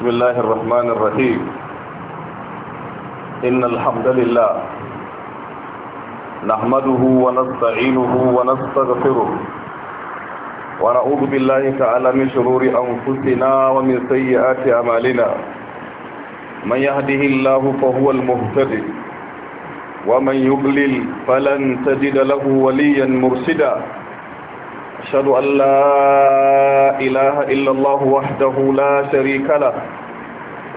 بسم الله الرحمن الرحيم إن الحمد لله نحمده ونستعينه ونستغفره ونعوذ بالله تعالى من شرور أنفسنا ومن سيئات أعمالنا من يهده الله فهو المهتدي ومن يضلل فلن تجد له وليا مرشدا وأشهد أن لا إله إلا الله وحده لا شريك له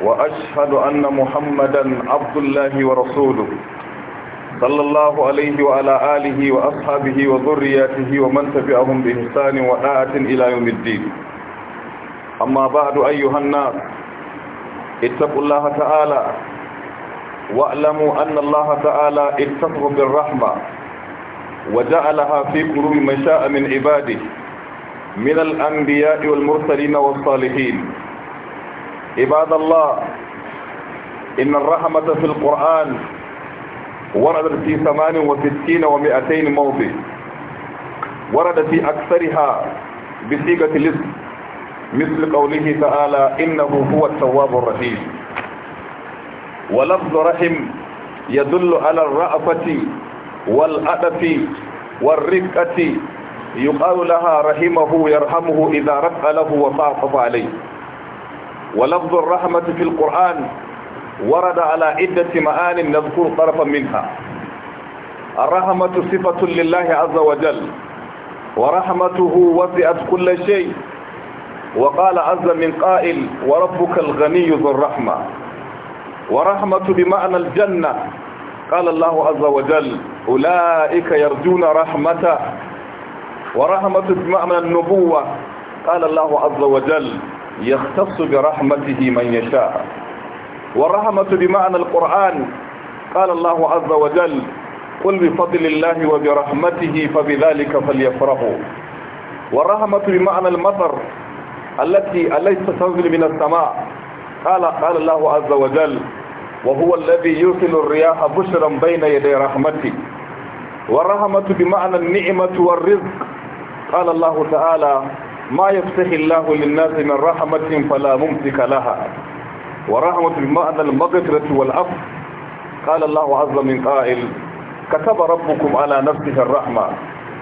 وأشهد أن محمدا عبد الله ورسوله صلى الله عليه وعلى آله وأصحابه وذرياته ومن تبعهم بإحسان وآت إلى يوم الدين أما بعد أيها الناس اتقوا الله تعالى واعلموا أن الله تعالى اتقوا بالرحمة وجعلها في قلوب من شاء من عباده من الأنبياء والمرسلين والصالحين عباد الله إن الرحمة في القرآن وردت في ثمان وستين ومائتين موضع ورد في أكثرها بصيغة الاسم مثل قوله تعالى إنه هو التواب الرحيم ولفظ رحم يدل على الرأفة والأدف والرفقة يقال لها رحمه يرحمه إذا رفع له وخاطف عليه ولفظ الرحمة في القرآن ورد على عدة معان نذكر طرفا منها الرحمة صفة لله عز وجل ورحمته وسعت كل شيء وقال عز من قائل وربك الغني ذو الرحمة ورحمة بمعنى الجنة قال الله عز وجل أولئك يرجون رحمة ورحمة معنى النبوة قال الله عز وجل يختص برحمته من يشاء والرحمة بمعنى القرآن قال الله عز وجل قل بفضل الله وبرحمته فبذلك فليفرحوا والرحمة بمعنى المطر التي أليس تنزل من السماء قال قال الله عز وجل وهو الذي يرسل الرياح بشرا بين يدي رحمته والرحمة بمعنى النعمة والرزق قال الله تعالى ما يفتح الله للناس من رحمة فلا ممسك لها ورحمة بمعنى المغفرة والعفو قال الله عز من قائل كتب ربكم على نفسه الرحمة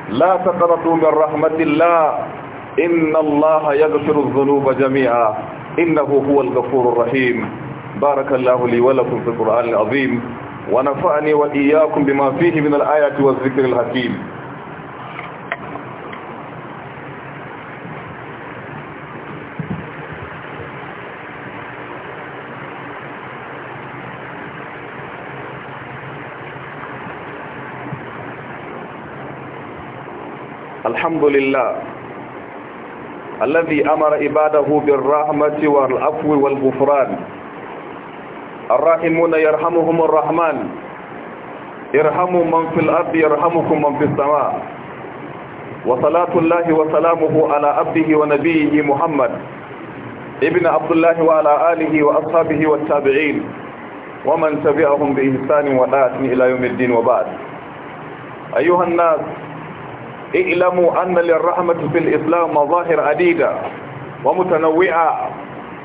لا تقنطوا من رحمة الله إن الله يغفر الذنوب جميعا إنه هو الغفور الرحيم بارك الله لي ولكم في القرآن العظيم ونفعني وإياكم بما فيه من الآيات والذكر الحكيم الحمد لله الذي أمر عباده بالرحمة والعفو والغفران الراحمون يرحمهم الرحمن ارحموا من في الأرض يرحمكم من في السماء وصلاة الله وسلامه على عبده ونبيه محمد ابن عبد الله وعلى آله وأصحابه والتابعين ومن تبعهم بإحسان ولاة إلى يوم الدين وبعد أيها الناس اعلموا أن للرحمة في الإسلام مظاهر عديدة ومتنوعة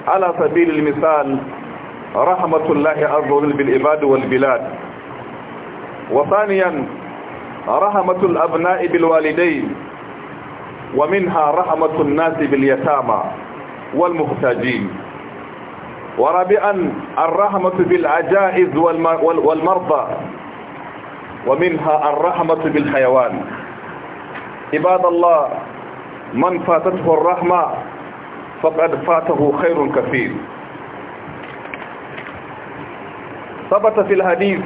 على سبيل المثال رحمة الله عز وجل بالعباد والبلاد وثانيا رحمة الأبناء بالوالدين ومنها رحمة الناس باليتامى والمحتاجين ورابعا الرحمة بالعجائز والمرضى ومنها الرحمة بالحيوان عباد الله من فاتته الرحمة فقد فاته خير كثير ثبت في الحديث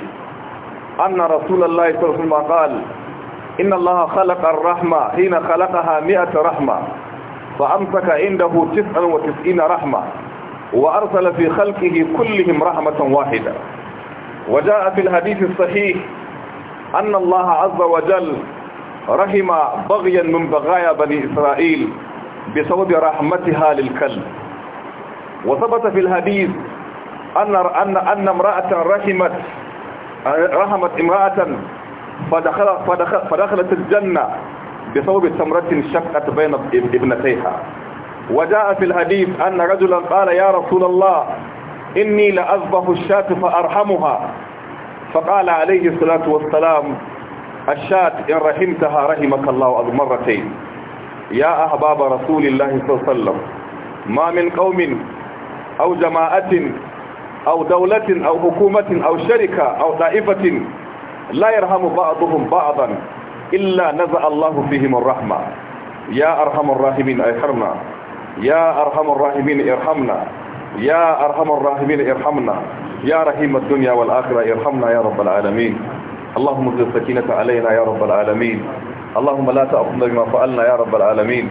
أن رسول الله صلى الله عليه وسلم قال إن الله خلق الرحمة حين خلقها مئة رحمة فأمسك عنده تسعة وتسعين رحمة وأرسل في خلقه كلهم رحمة واحدة وجاء في الحديث الصحيح أن الله عز وجل رحم بغيا من بغايا بني إسرائيل بسبب رحمتها للكلب وثبت في الحديث أن أن أن امرأة رحمت رحمت امرأة فدخل فدخل فدخلت الجنة بثوب تمرة شقت بين ابنتيها وجاء في الحديث أن رجلا قال يا رسول الله إني لأذبح الشاة فأرحمها فقال عليه الصلاة والسلام الشاة إن رحمتها رحمك الله أذ مرتين يا أحباب رسول الله صلى الله عليه وسلم ما من قوم أو جماعة أو دولة أو حكومة أو شركة أو طائفة لا يرحم بعضهم بعضا إلا نزع الله فيهم الرحمة يا أرحم الراحمين ارحمنا يا أرحم الراحمين ارحمنا يا أرحم الراحمين ارحمنا يا رحيم الدنيا والآخرة ارحمنا يا رب العالمين اللهم اجعل السكينة علينا يا رب العالمين اللهم لا تأخذنا بما فعلنا يا رب العالمين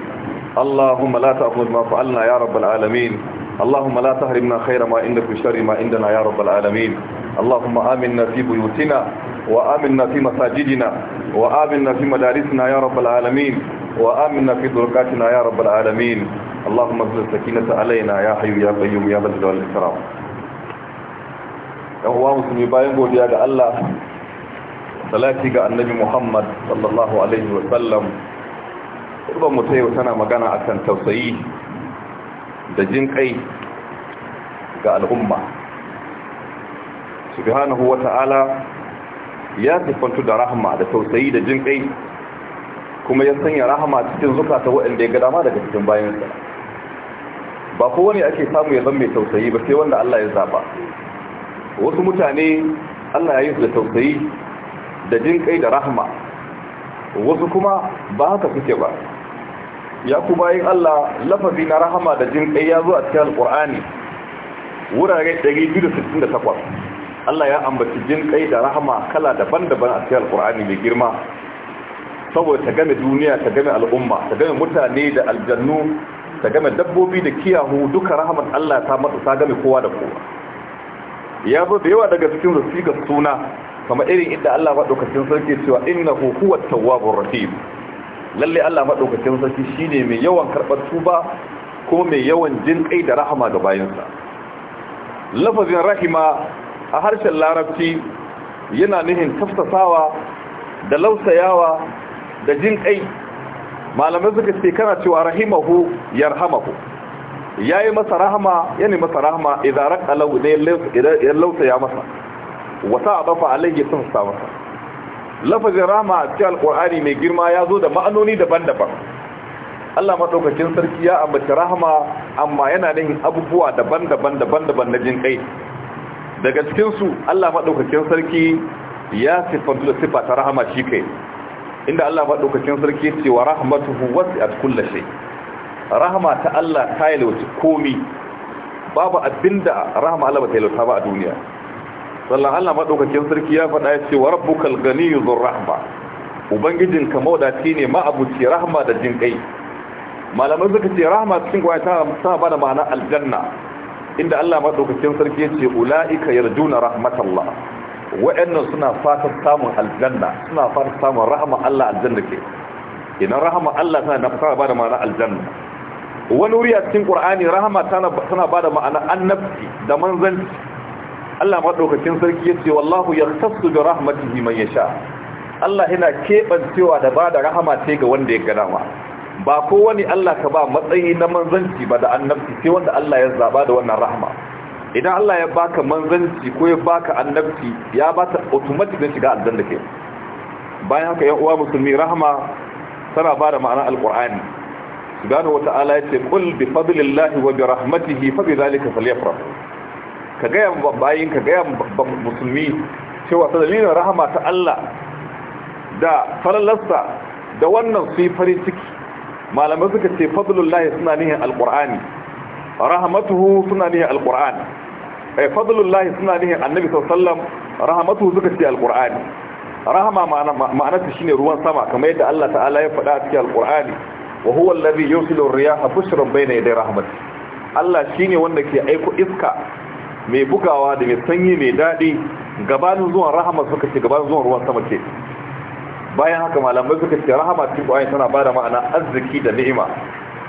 اللهم لا تأخذنا بما فعلنا يا رب العالمين اللهم لا تحرمنا خير ما عندك وشر ما عندنا يا رب العالمين اللهم آمنا في بيوتنا وآمنا في مساجدنا وآمنا في مدارسنا يا رب العالمين وآمنا في دركاتنا يا رب العالمين اللهم اجعل السكينة علينا يا حي يا قيوم يا ذا الجلال والإكرام yan uwa musulmi bayan godiya ga Allah salati ga annabi Muhammad sallallahu alaihi wa sallam kurban mu tayi tana magana akan tausayi da jin kai ga al'umma subhanahu wata'ala ya sifantu da rahama da tausayi da jin kai kuma ya sanya rahama cikin zukata waɗanda ya ga dama daga cikin bayansa ba ko wani ake samu ya zama mai tausayi ba sai wanda Allah ya zaba wasu mutane Allah ya yi su da tausayi da jin kai da rahama wasu kuma ba haka suke ba ya ku bayin Allah lafafi na rahama da jin ya zo a cikin alqur'ani wurare 268 Allah ya ambaci jin kai da rahama kala daban-daban a cikin Alƙur'ani mai girma saboda ta game duniya ta game al'umma ta game mutane da aljannu ta game dabbobi da kiyahu duka rahamar Allah ta matsa ta game kowa da kowa ya zo da yawa daga cikin ga suna kamar irin inda Allah ba dokacin sarki cewa innahu huwa tawwabur rahim lalle Allah madaukakin sarki shine mai yawan karbar tuba ko mai yawan jin da rahama ga bayansa lafazin rahima a harshen larabci yana nihin tafsasawa da lausayawa da jin malamai suka ce kana cewa rahimahu yarhamahu yayi masa rahama yani masa rahama idan raqa ya lausaya masa wata abafa alaihi tafsasa masa lafazin rama a cikin alkur'ani mai girma ya zo da ma'anoni daban-daban Allah maɗaukacin sarki ya ambaci rahama amma yana nihin abubuwa daban-daban daban-daban na jin kai daga cikinsu Allah maɗaukacin sarki ya siffantu da siffa ta rahama shi kai inda Allah maɗaukacin sarki ce wa rahmatuhu wasu a kulla shi rahama ta Allah ta yalwaci komi babu abinda rahama Allah ba ta yalwata ba a duniya sallan Allah madaukakin sarki ya faɗa ya ce wa rabbukal ganiyyu dhur rahma ubangijin ka maudaci ne ma abuci rahma da jin kai malamai suka ce rahma cikin gwaya ta sa bada ma'ana aljanna inda Allah madaukakin sarki ya ce ulaika yarjuna rahmatallah wa'annan suna fatan samun aljanna suna fatan samun rahma Allah aljanna ke idan rahma Allah tana da fara bada ma'ana aljanna wani wuri a cikin Qur'ani rahma tana tana bada ma'ana annabci da manzanci Allah maɗaukacin sarki ya ce wallahu ya tasu da rahmatihi man ya sha Allah yana keɓancewa da ba da rahama ce ga wanda ya gada ba kowane Allah ka ba matsayi na manzanci ba da annabci sai wanda Allah ya zaba da wannan rahama idan Allah ya baka manzanci ko ya baka annabci ya ba ta automatic na shiga aljanna ke bayan haka yan uwa musulmi rahama tana bada ma'ana ma'anar alqur'ani subhanahu wata'ala ya ce qul bi fadlillahi wa bi rahmatihi fa bi dhalika falyafrahu ka gaya bayin ka gaya musulmi cewa ta dalilin rahama ta Allah da falalarsa da wannan su yi farin ciki malamai suka ce fadlullahi suna nihin alkur'ani rahamatuhu suna nihin alkur'ani ai eh, fadlullahi suna nihin annabi sallam rahamatuhu suka ce alkur'ani rahama ma'anarta shine ruwan sama kamar yadda Allah ta'ala ya faɗa a cikin alkur'ani wa huwa allazi yursilu ar-riyaha bushran bayna yaday rahmatihi Allah shine wanda ke aiko iska mai bugawa da mai sanyi mai daɗi gabanin zuwan rahama suka ce gabanin zuwan ruwan sama ce bayan haka malamai suka ce rahama cikin ƙwayin tana ba da ma'ana arziki da ni'ima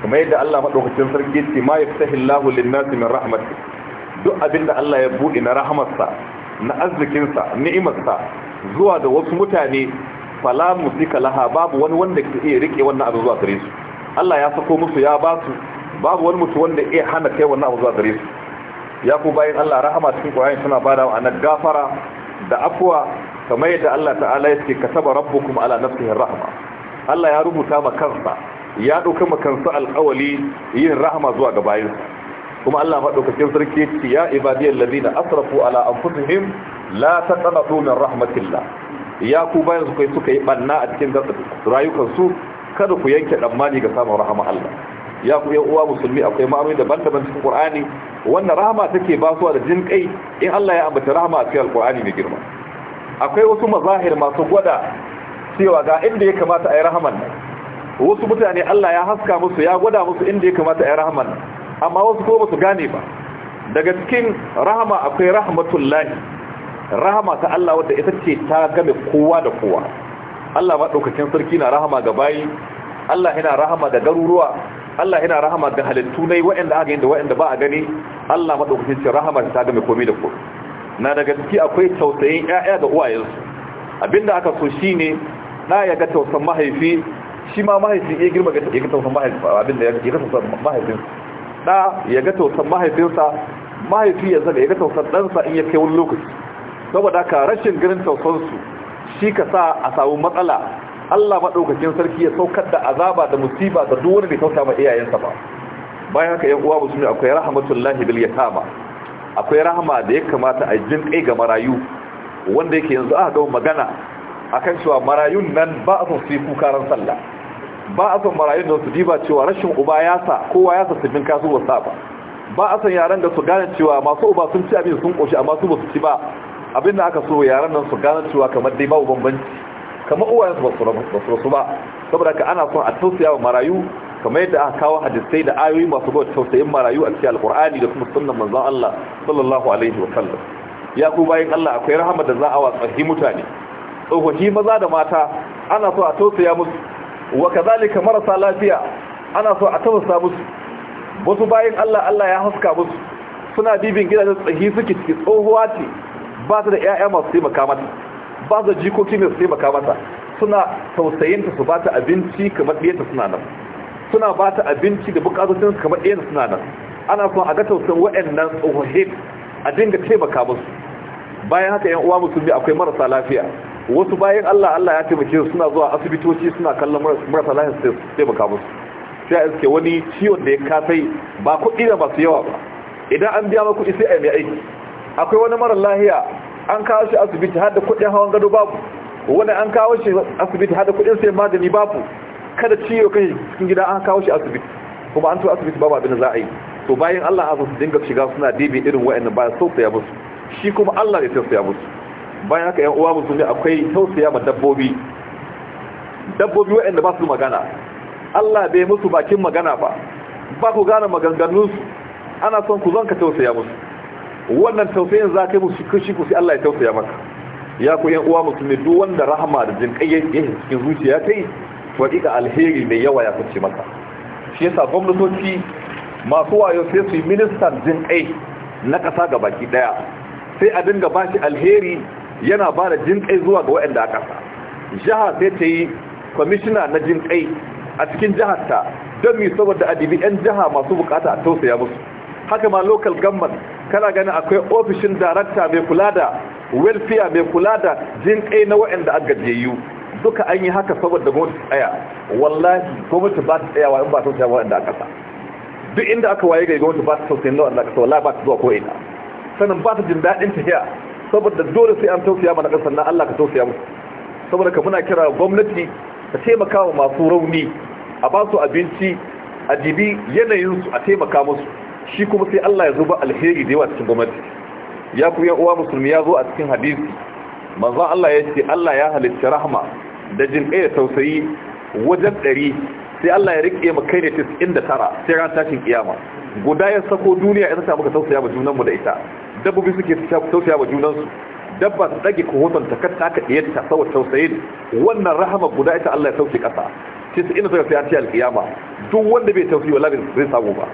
kuma yadda Allah maɗaukacin sarki ce ma ya fi tahillahu nasi min rahmati duk abin da Allah ya buɗe na rahamarsa na arzikinsa ni'imarsa zuwa da wasu mutane fala musika laha babu wani wanda ke iya rike wannan abu zuwa gare su Allah ya sako musu ya ba su babu wani mutum wanda iya hana kai wannan abu zuwa gare su ya ku bayan Allah rahama cikin ƙwayoyin suna ba wa annab gafara da afwa kamar yadda Allah ta'ala ya ce kasaba rabbukum ala nafsihi rahama. Allah ya rubuta ma kansa ya dauka ma kansa alƙawali yin rahama zuwa ga bayinsa kuma Allah madaukakin sarki ce ya ibadiyal ladina asrafu ala anfusihim la taqnatu min rahmatillah ya ku bayan su kai suka yi banna a cikin rayukansu kada ku yanke tsammani ga samun rahama Allah ya ku yan uwa musulmi akwai ma'anoni daban-daban cikin Qur'ani wannan rahama take basuwa da jin kai in Allah ya ambata rahama a cikin Qur'ani mai girma akwai wasu mazahir masu gwada cewa ga inda ya kamata a yi rahaman nan wasu mutane Allah ya haska musu ya gwada musu inda ya kamata a yi rahaman nan amma wasu ko basu gane ba daga cikin rahama akwai rahmatullahi rahama ta Allah wadda ita ce ta game kowa da kowa Allah maɗaukakin sarki na rahama ga bayi Allah yana rahama ga garuruwa Allah yana rahama ga halittu ne waɗanda aka yin da waɗanda ba a gani Allah madaukakin ce rahama ta ga mai komai da komai na daga ciki akwai tausayin ƴaƴa ga uwayensu abinda aka so shine na ya ga tausan mahaifi shi ma mahaifi ya girma ga ya ga tausan mahaifi abinda ya ga tausan mahaifin da ya ga tausan mahaifinsa mahaifi ya zaga ya ga tausan ɗansa in ya kai wani lokaci saboda ka rashin ganin tausansu shi ka sa a samu matsala Allah maɗaukakin sarki ya saukar da azaba da musiba da duk wani da kauta ma iyayensa ba bayan haka yan uwa musulmi akwai lahi bil yatama akwai rahama da ya kamata a jin kai ga marayu wanda yake yanzu aka ga magana akan cewa marayun nan ba a son su yi kuka ran sallah ba a son marayun da su diba cewa rashin uba ya sa kowa ya sa sabbin kasuwa sa ba ba a son yaran da su gane cewa masu uba sun ci abin sun koshi amma su ba su ci ba abin da aka so yaran nan su gane cewa kamar dai babu bambanci kamar su ba su rasu ba saboda ka ana son a tausaya wa marayu kamar yadda aka kawo hadisai da ayoyi masu gwada tausayin marayu a cikin alkur'ani da kuma sunan manzon Allah sallallahu alaihi wa sallam ya ku bayin Allah akwai rahama da za a shi mutane tsofaffi maza da mata ana so a tausaya musu wa kazalika marasa lafiya ana so a tausaya musu wasu bayin Allah Allah ya haska musu suna bibin gidajen tsahi suke tsohuwa ce ba su da 'ya'ya masu taimaka mata ba da jikoki ne su taimaka mata suna tausayinta su ba ta abinci kamar ɗiyanta suna nan suna ba ta abinci da bukatocin kamar ɗiyanta suna nan ana son a ga tausayin waɗannan tsohon a dinga taimaka musu bayan haka yan uwa musulmi akwai marasa lafiya wasu bayan Allah Allah ya taimake su suna zuwa asibitoci suna kallon marasa lafiya su taimaka musu sai a iske wani ciwon da ya kasai ba kuɗi da masu yawa ba idan an biya ma kuɗi sai a yi mai aiki akwai wani mara lahiya an kawo shi asibiti har da kudin hawan gado babu wani an kawo shi asibiti har da kudin sai magani babu kada ciyo kai cikin gida an kawo shi asibiti kuma an tura asibiti babu abin da za a yi to bayan Allah a su dinga shiga suna dibi irin wayannan ba tausaya musu shi kuma Allah ya tausaya musu bayan haka yan uwa ne akwai tausaya ma dabbobi dabbobi wa'anda ba su magana Allah bai musu bakin magana ba ba ku gane maganganunsu ana son ku zanka tausaya musu wannan tausayin za ka yi musu kashi ku sai Allah ya tausaya maka ya ku yan uwa musulmi duk wanda rahama da jin kai yake cikin zuciya kai dika alheri mai yawa ya kuce maka shi yasa gwamnatoci masu wayo sai su yi ministan jin kai na ƙasa ga baki ɗaya sai a dinga bashi alheri yana ba da jin kai zuwa ga waɗanda a ƙasa jiha sai ta yi kwamishina na jin kai a cikin jihar ta don mi saboda adibi 'yan jiha masu bukata a tausaya musu haka ma local government kana gani akwai ofishin darakta mai kula da welfare mai kula da jin kai na waɗanda an gajiyayyu duka an yi haka saboda gwamnati tsaya wallahi gwamnati ba ta tsayawa in ba ta tsayawa waɗanda aka ƙasa. duk inda aka waye ga gwamnati ba ta tsaya na waɗanda aka sa wallahi ba ta zuwa ko ina sannan ba ta jin daɗin hiya saboda dole sai an tausaya mana ƙasa, na Allah ka tausaya musu saboda ka muna kira gwamnati ta taimaka wa masu rauni a ba su abinci a jibi yanayinsu a taimaka musu shi kuma sai Allah ya ba alheri da yawa cikin gwamnati ya ku yan uwa musulmi ya zo a cikin hadisi manzon Allah ya ce Allah ya halitta rahma da jinƙai da tausayi wajen ɗari sai Allah ya rike kai ne 99 sai ran tashin kiyama guda ya sako duniya ya saka muka tausaya wa junan mu da ita dabbobi suke tausaya wa junan su dabba ta dage hoton ta ka aka diyarta sawa tausayin wannan rahama guda ita Allah ya sauke kasa 99 sai ya ci alkiyama duk wanda bai tausayi wallahi zai samu ba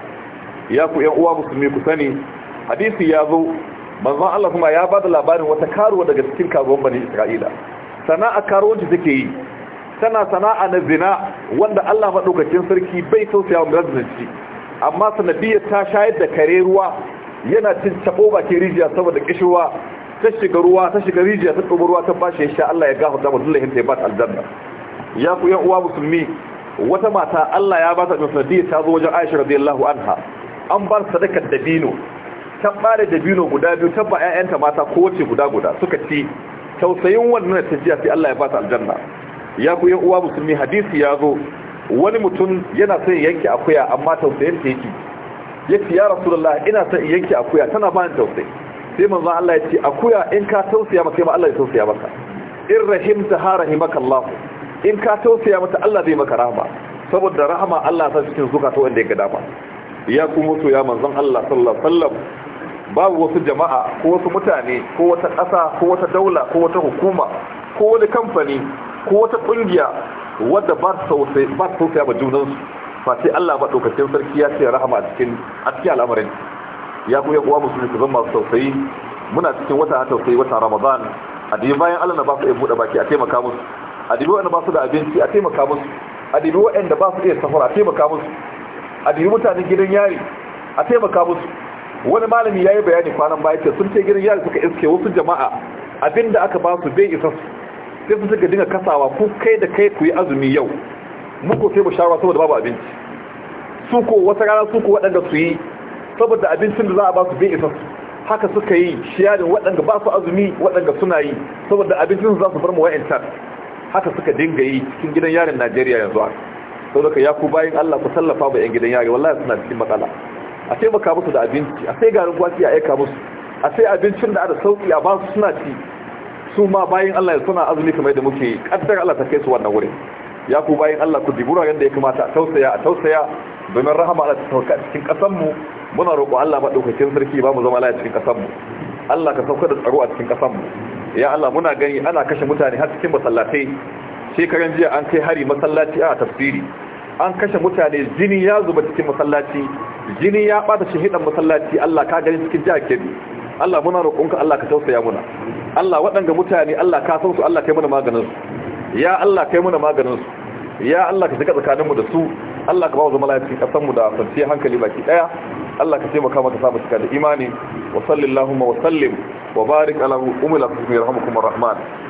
ya ku yan uwa musulmi ku sani hadisi ya zo manzon Allah kuma ya bada labarin wata karuwa daga cikin karuwan bani Isra'ila sana'a karuwanci take yi tana sana'a na zina wanda Allah madaukakin sarki bai tausaya wa mazinci amma sanadiyar ta shayar da kare ruwa yana cin tabo bakin rijiya saboda kishirwa ta shiga ruwa ta shiga rijiya ta tsubu ruwa ta bashi ya sha Allah ya gafarta mu dullahin ta ba aljanna ya ku yan uwa musulmi wata mata Allah ya ba ta sanadiyar ta zo wajen Aisha radiyallahu anha an bar sadakar dabino ta bare dabino guda biyu ta ba ƴaƴanta mata kowace guda guda suka ci tausayin wannan jiya, sai Allah ya fata aljanna ya ku yan uwa musulmi hadisi ya zo wani mutum yana son yanke akuya amma tausayin ta yake yace ya rasulullah ina son yanke akuya tana ba ni tausayi sai manzo Allah ya ce akuya in ka tausaya maka ma Allah ya tausaya maka in rahimta ha rahimaka Allah in ka tausaya mata Allah zai maka rahama saboda rahama Allah ta cikin zukata wanda ya ga dama ya ku mutu ya manzon Allah sallallahu alaihi wasallam babu wasu jama'a ko wasu mutane ko wata ƙasa ko wata daula ko wata hukuma ko wani kamfani ko wata ƙungiya wadda ba ta tausaya ba junansu ba sai Allah maɗaukacin sarki ya ce rahama a cikin al'amarin ya ku uwa musulmi ku zama masu tausayi muna cikin wata tausayi wata ramadan adibi bayan Allah na ba su iya buɗe baki a taimaka musu a adibi waɗanda ba su da abinci a taimaka musu a adibi waɗanda ba su iya safara a taimaka musu a diri mutanen gidan yari a taimaka musu wani malami ya yi bayani kwanan baya ce sun ce gidan yari suka iske wasu jama'a abinda aka ba su bai isa su sai sun suka dinga kasawa ko kai da kai ku yi azumi yau muku sai mu shawara saboda babu abinci su ko wata rana su ko waɗanda su yi saboda abincin da za a ba su bai isa su haka suka yi shiyarin waɗanda ba su azumi waɗanda suna yi saboda abincin su za su bar mu wa'yantar haka suka dinga yi cikin gidan yarin najeriya yanzu haka saboda ya ku bayan Allah ku sallafa ba 'yan gidan yari wallahi suna cikin matsala a taimaka musu da abinci a sai garin gwaki a aika musu a sai abincin da ada sauki a ba su suna ci su ma bayan Allah ya suna azumi kamar da muke kaddar Allah ta kai su wannan wurin ya ku bayan Allah ku dibura yanda ya kamata a tausaya a tausaya domin rahama Allah ta sauka cikin kasan mu muna roƙo Allah madaukakin sarki ba mu zama lafiya cikin kasan mu Allah ka sauka da tsaro a cikin kasan mu ya Allah muna gani ana kashe mutane har cikin masallatai shekaran jiya an kai hari masallaci a tafsiri an kashe mutane jini ya zuba cikin masallaci jini ya bata shahidan masallaci Allah ka gani cikin jihar Kebbi Allah muna roƙonka Allah ka tausaya muna Allah waɗanga mutane Allah ka san su Allah kai muna maganin su ya Allah kai muna maganin su ya Allah ka shiga tsakaninmu da su Allah ka ba mu zama lafiya kasan mu da kwanciyar hankali baki daya Allah ka taimaka maka sa cika da imani wa sallallahu wa sallim wa barik ala ummi lakum yarhamukum arrahman